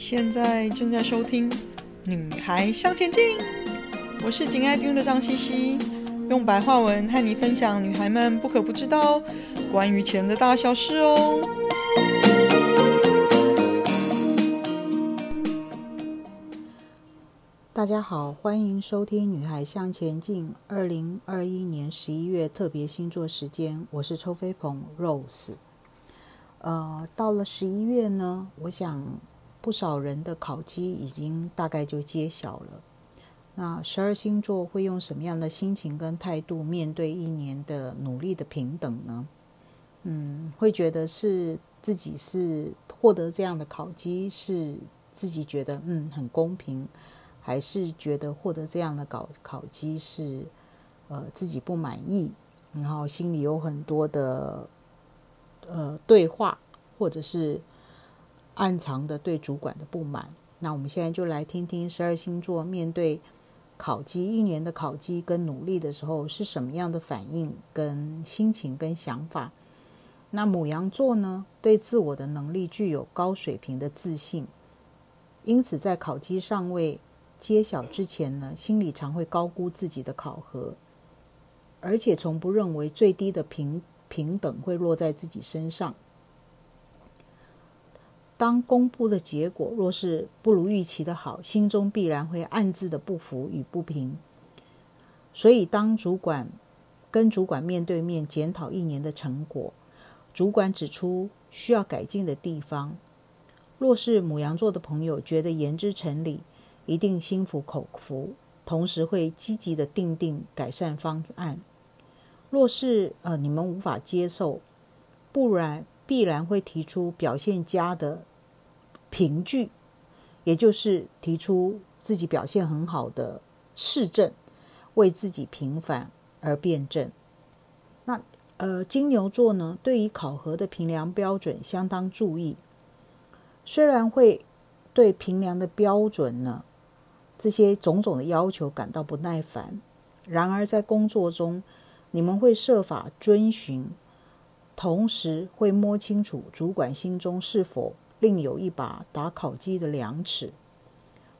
現在正在收聽《女孩向錢進》，我是緊愛聽的張茜茜，用白話文和你分享女孩們不可不知道關於錢的大小事哦。大家好，歡迎收聽《女孩向錢進》。二零二一年十一月特別星座時間，我是周飛芃 Rose。呃，到了十一月呢，我想。不少人的考績已經大概就揭曉了。那十二星座會用什麼樣的心情跟態度面對一年的努力的評等呢？嗯，會覺得是自己是獲得這樣的考績，是自己覺得嗯很公平，還是覺得獲得這樣的考考績是呃自己不滿意，然後心裡有很多的呃對話，或者是。暗藏的對主管的不滿。那我們現在就來聽聽十二星座面對考績一年的考績跟努力的時候是什麼樣的反應、跟心情、跟想法。那牡羊座呢，對自我的能力具有高水平的自信，因此在考績尚未揭曉之前呢，心裡常會高估自己的考核，而且從不認為最低的平平等會落在自己身上。當公布的結果若是不如預期的好，心中必然會暗自的不服與不平。所以，當主管跟主管面對面檢討一年的成果，主管指出需要改進的地方，若是牡羊座的朋友覺得言之成理，一定心服口服，同時會積極地訂定改善方案。若是呃你們無法接受，不然必然會提出表現佳的。憑據，也就是提出自己表現很好的事證，為自己平反而辯證。那呃，金牛座呢，對於考核的評量標準相當注意，雖然會對評量的標準呢，這些種種的要求感到不耐煩，然而在工作中，你們會設法遵循，同時會摸清楚主管心中是否。另有一把打考績的量尺，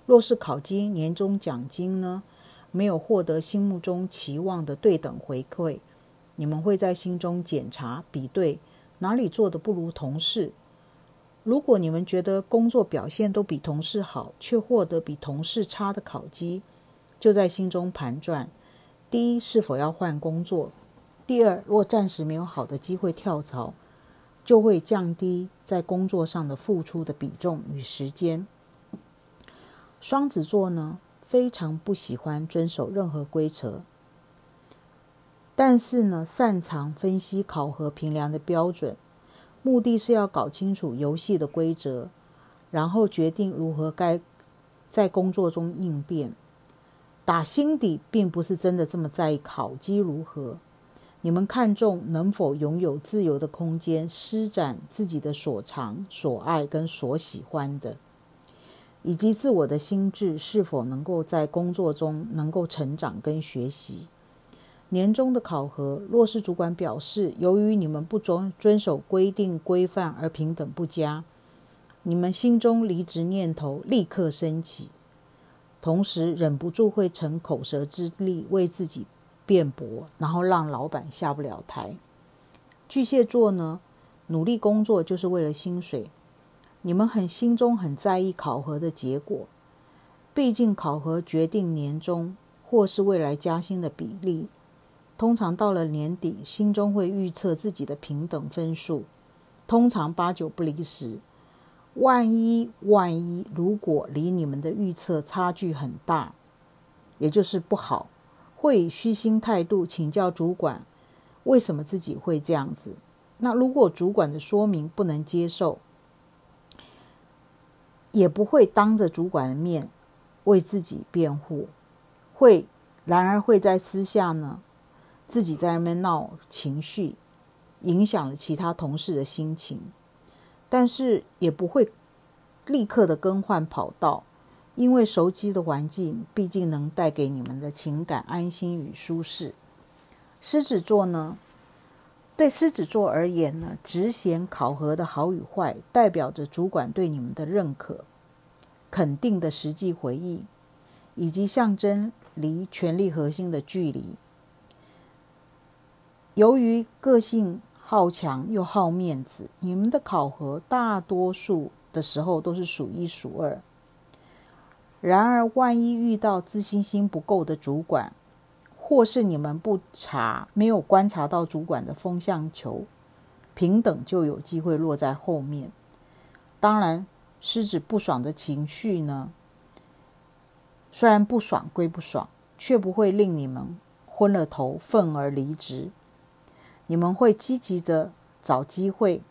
若是考績年終獎金呢，沒有獲得心目中期望的對等回饋，你們會在心中檢查比對，哪裡做得不如同事？如果你們覺得工作表現都比同事好，卻獲得比同事差的考績，就在心中盤轉：第一，是否要換工作？第二，若暫時沒有好的機會跳槽，就會降低在工作上的付出的比重與時間。雙子座呢，非常不喜歡遵守任何規則，但是呢，擅長分析考核評量的標準，目的是要搞清楚遊戲的規則，然後決定如何該在工作中應變。打心底並不是真的這麼在意考績如何。你們看重，能否擁有自由的空間，施展自己的所長、所愛跟所喜歡的，以及自我的心智是否能夠在工作中能夠成長跟學習。年終的考核，若是主管表示由於你們不遵遵守規定規範而平等不佳，你們心中離職念頭立刻升起，同時忍不住會逞口舌之利為自己。辯駁，然後讓老板下不了台。巨蟹座呢，努力工作就是為了薪水。你們很心中很在意考核的結果，畢竟考核決定年終或是未來加薪的比例。通常到了年底，心中會預測自己的平等分數，通常八九不離十。萬一萬一，如果離你們的預測差距很大，也就是不好，會以虛心態度請教主管，為什麼自己會這樣子？那如果主管的說明不能接受，也不會當着主管的面為自己辯護。會然而會在私下呢，自己在那邊鬧情緒，影響了其他同事的心情，但是也不會立刻的更換跑道。因為熟悉的環境，畢竟能帶給你們的情感安心與舒適。獅子座呢，對獅子座而言呢，職銜考核的好與壞，代表着主管對你們的認可、肯定的實際回應，以及象徵離權力核心的距離。由於個性好強又好面子，你們的考核大多數的時候都是數一數二。然而，萬一遇到自信心不夠的主管，或是你們不察、沒有觀察到主管的風向球，評等就有機會落在後面。當然，獅子不爽的情緒呢，雖然不爽歸不爽，卻不會令你們昏了頭、憤而離職。你們會積極的找機會，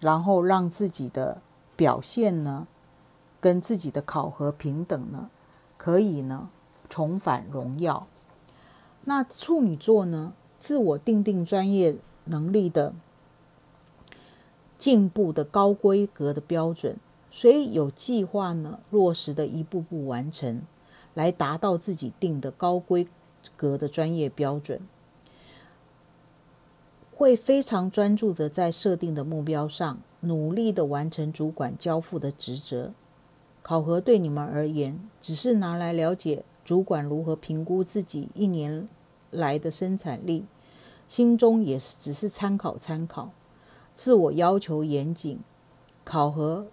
然後讓自己的表現呢。跟自己的考核平等呢，可以呢重返榮耀。那處女座呢，自我定定專業能力的進步的高規格的標準，所以有計劃呢落實的一步步完成，來達到自己定的高規格的專業標準。會非常專注的在設定的目標上，努力的完成主管交付的職責。考核對你們而言，只是拿來了解主管如何評估自己一年來的生產力，心中也是只是參考參考。自我要求嚴謹，考核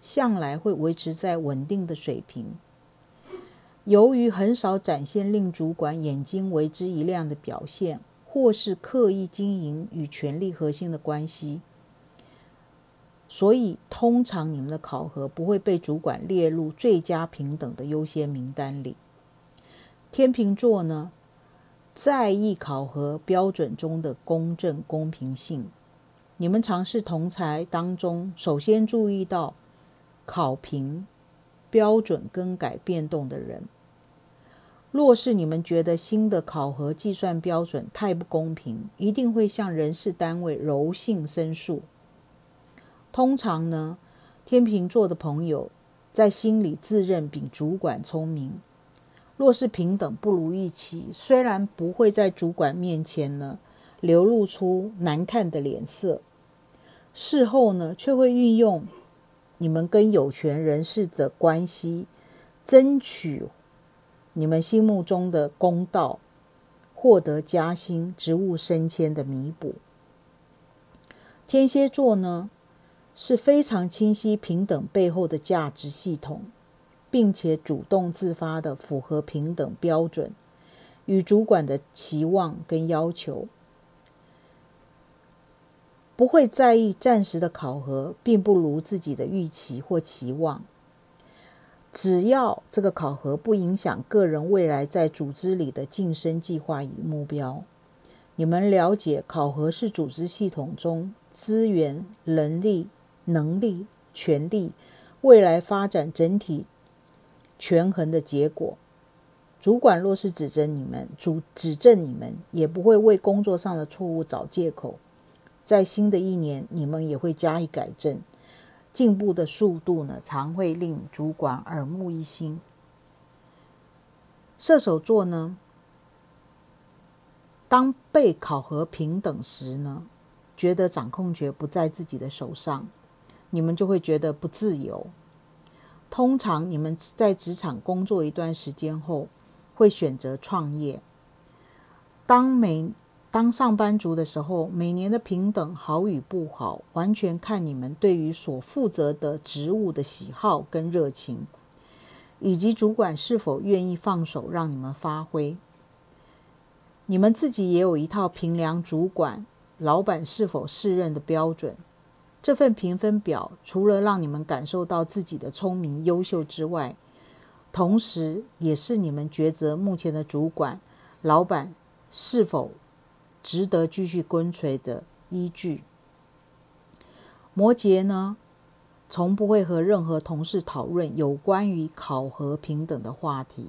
向來會維持在穩定的水平。由於很少展現令主管眼睛為之一亮的表現，或是刻意經營與權力核心的關係。所以，通常你們的考核不會被主管列入最佳評等的優先名單裡。天秤座呢，在意考核標準中的公正公平性。你們嘗試同儕當中，首先注意到考評標準更改變動的人。若是你們覺得新的考核計算標準太不公平，一定會向人事單位柔性申訴。通常呢，天秤座的朋友在心裡自認比主管聰明。若是平等不如預期，雖然不會在主管面前呢流露出難看的臉色，事後呢卻會運用你們跟有權人士的關係，爭取你們心目中的公道，獲得加薪、職務升遷的彌補。天蠍座呢？是非常清晰平等背後的價值系統，並且主動自發的符合平等標準與主管的期望跟要求，不會在意暫時的考核並不如自己的預期或期望。只要這個考核不影響個人未來在組織裡的晉升計劃與目標，你們了解考核是組織系統中資源能力。能力、權力、未來發展整體權衡的結果。主管若是指着你們，主指正你們，也不會為工作上的錯誤找借口。在新的一年，你們也會加以改正。進步的速度呢，常會令主管耳目一新。射手座呢，當被考核平等時呢，覺得掌控權不在自己的手上。你們就會覺得不自由。通常，你們在職場工作一段時間後，會選擇創業。當每當上班族的時候，每年的評等好與不好，完全看你們對於所負責的職務的喜好跟熱情，以及主管是否願意放手讓你們發揮。你們自己也有一套評量主管、老闆是否適任的標準。這份評分表除了讓你們感受到自己的聰明優秀之外，同時也是你們抉擇目前的主管、老闆是否值得繼續跟隨的依據。摩羯呢，從不會和任何同事討論有關於考核評等的話題，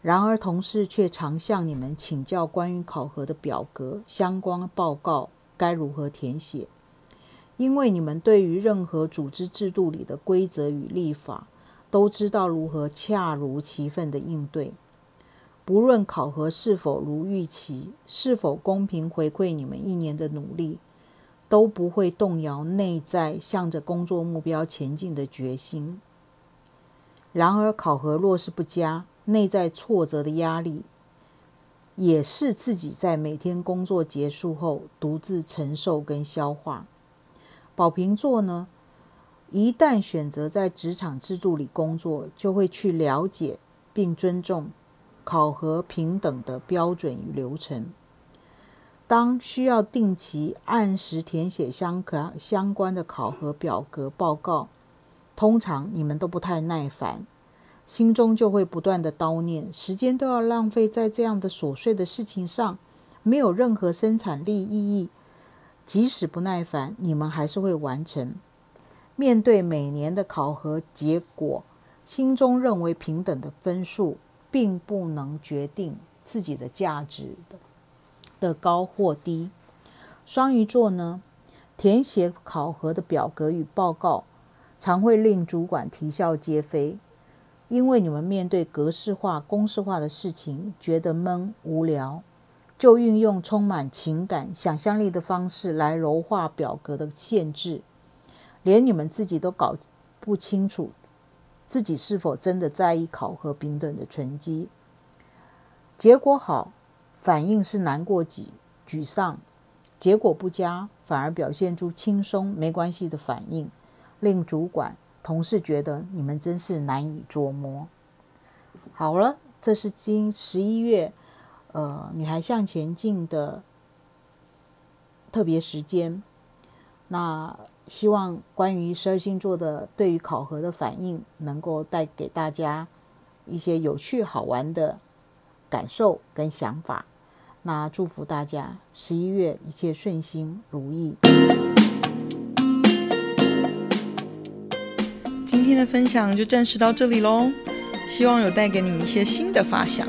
然而同事卻常向你們請教關於考核的表格、相關報告該如何填寫。因為你們對於任何組織制度裡的規則與立法，都知道如何恰如其分的應對。不論考核是否如預期，是否公平回饋你們一年的努力，都不會動搖內在向着工作目標前進的決心。然而，考核若是不佳，內在挫折的壓力，也是自己在每天工作結束後獨自承受跟消化。寶瓶座呢，一旦選擇在職場制度裡工作，就會去了解並尊重考核評等的標準與流程。當需要定期按時填寫相可相關的考核表格報告，通常你們都不太耐煩，心中就會不斷的叨念：時間都要浪費在這樣的瑣碎的事情上，沒有任何生產力意義。即使不耐煩，你們還是會完成。面對每年的考核結果，心中認為平等的分數，並不能決定自己的價值的高或低。雙魚座呢，填寫考核的表格與報告，常會令主管啼笑皆非，因為你們面對格式化、公式化的事情，覺得悶、無聊。就運用充滿情感、想象力的方式來柔化表格的限制，連你們自己都搞不清楚自己是否真的在意考核評等的成績。結果好，反應是難過及、沮喪；結果不佳，反而表現出輕鬆、沒關係的反應，令主管、同事覺得你們真是難以捉摸。好了，這是今十一月。呃，女孩向錢進的特別時間，那希望關於十二星座的對於考核的反應，能夠帶給大家一些有趣好玩的感受跟想法。那祝福大家十一月一切順心如意。今天的分享就暫時到這裡嘍，希望有帶給你們一些新的發想。